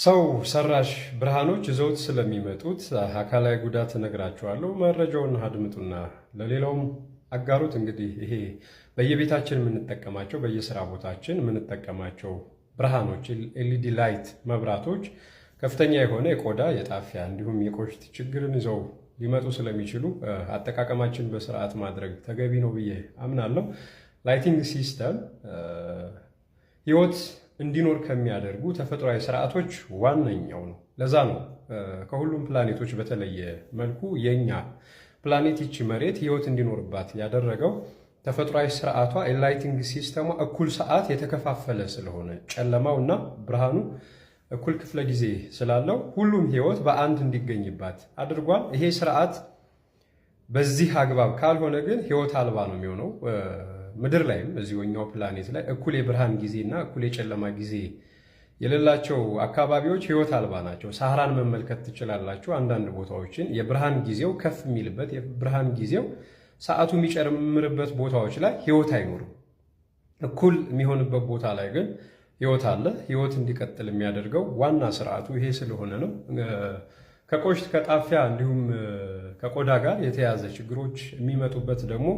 ሰው ሰራሽ ብርሃኖች ይዘውት ስለሚመጡት አካላዊ ጉዳት እነግራችኋለሁ። መረጃውን አድምጡና ለሌላውም አጋሩት። እንግዲህ ይሄ በየቤታችን የምንጠቀማቸው በየስራ ቦታችን የምንጠቀማቸው ብርሃኖች ኤልኢዲ ላይት መብራቶች ከፍተኛ የሆነ የቆዳ የጣፊያ እንዲሁም የቆሽት ችግርን ይዘው ሊመጡ ስለሚችሉ አጠቃቀማችን በስርዓት ማድረግ ተገቢ ነው ብዬ አምናለሁ። ላይቲንግ ሲስተም ህይወት እንዲኖር ከሚያደርጉ ተፈጥሯዊ ስርዓቶች ዋነኛው ነው። ለዛ ነው ከሁሉም ፕላኔቶች በተለየ መልኩ የእኛ ፕላኔት ይቺ መሬት ህይወት እንዲኖርባት ያደረገው ተፈጥሯዊ ስርዓቷ ኤንላይቲንግ ሲስተሟ እኩል ሰዓት የተከፋፈለ ስለሆነ ጨለማው እና ብርሃኑ እኩል ክፍለ ጊዜ ስላለው ሁሉም ህይወት በአንድ እንዲገኝባት አድርጓል። ይሄ ስርዓት በዚህ አግባብ ካልሆነ ግን ህይወት አልባ ነው የሚሆነው። ምድር ላይም በዚህ ወኛው ፕላኔት ላይ እኩል የብርሃን ጊዜ እና እኩል የጨለማ ጊዜ የሌላቸው አካባቢዎች ህይወት አልባ ናቸው። ሳህራን መመልከት ትችላላችሁ። አንዳንድ ቦታዎችን የብርሃን ጊዜው ከፍ የሚልበት የብርሃን ጊዜው ሰዓቱ የሚጨምርበት ቦታዎች ላይ ህይወት አይኖርም። እኩል የሚሆንበት ቦታ ላይ ግን ህይወት አለ። ህይወት እንዲቀጥል የሚያደርገው ዋና ስርዓቱ ይሄ ስለሆነ ነው። ከቆሽት ከጣፊያ እንዲሁም ከቆዳ ጋር የተያዘ ችግሮች የሚመጡበት ደግሞ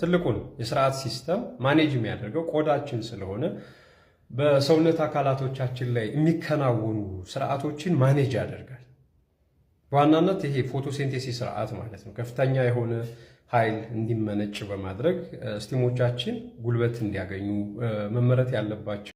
ትልቁን የስርዓት ሲስተም ማኔጅ የሚያደርገው ቆዳችን ስለሆነ በሰውነት አካላቶቻችን ላይ የሚከናወኑ ስርዓቶችን ማኔጅ ያደርጋል። በዋናነት ይሄ ፎቶሴንቴሲስ ስርዓት ማለት ነው። ከፍተኛ የሆነ ኃይል እንዲመነጭ በማድረግ ስቲሞቻችን ጉልበት እንዲያገኙ መመረት ያለባቸው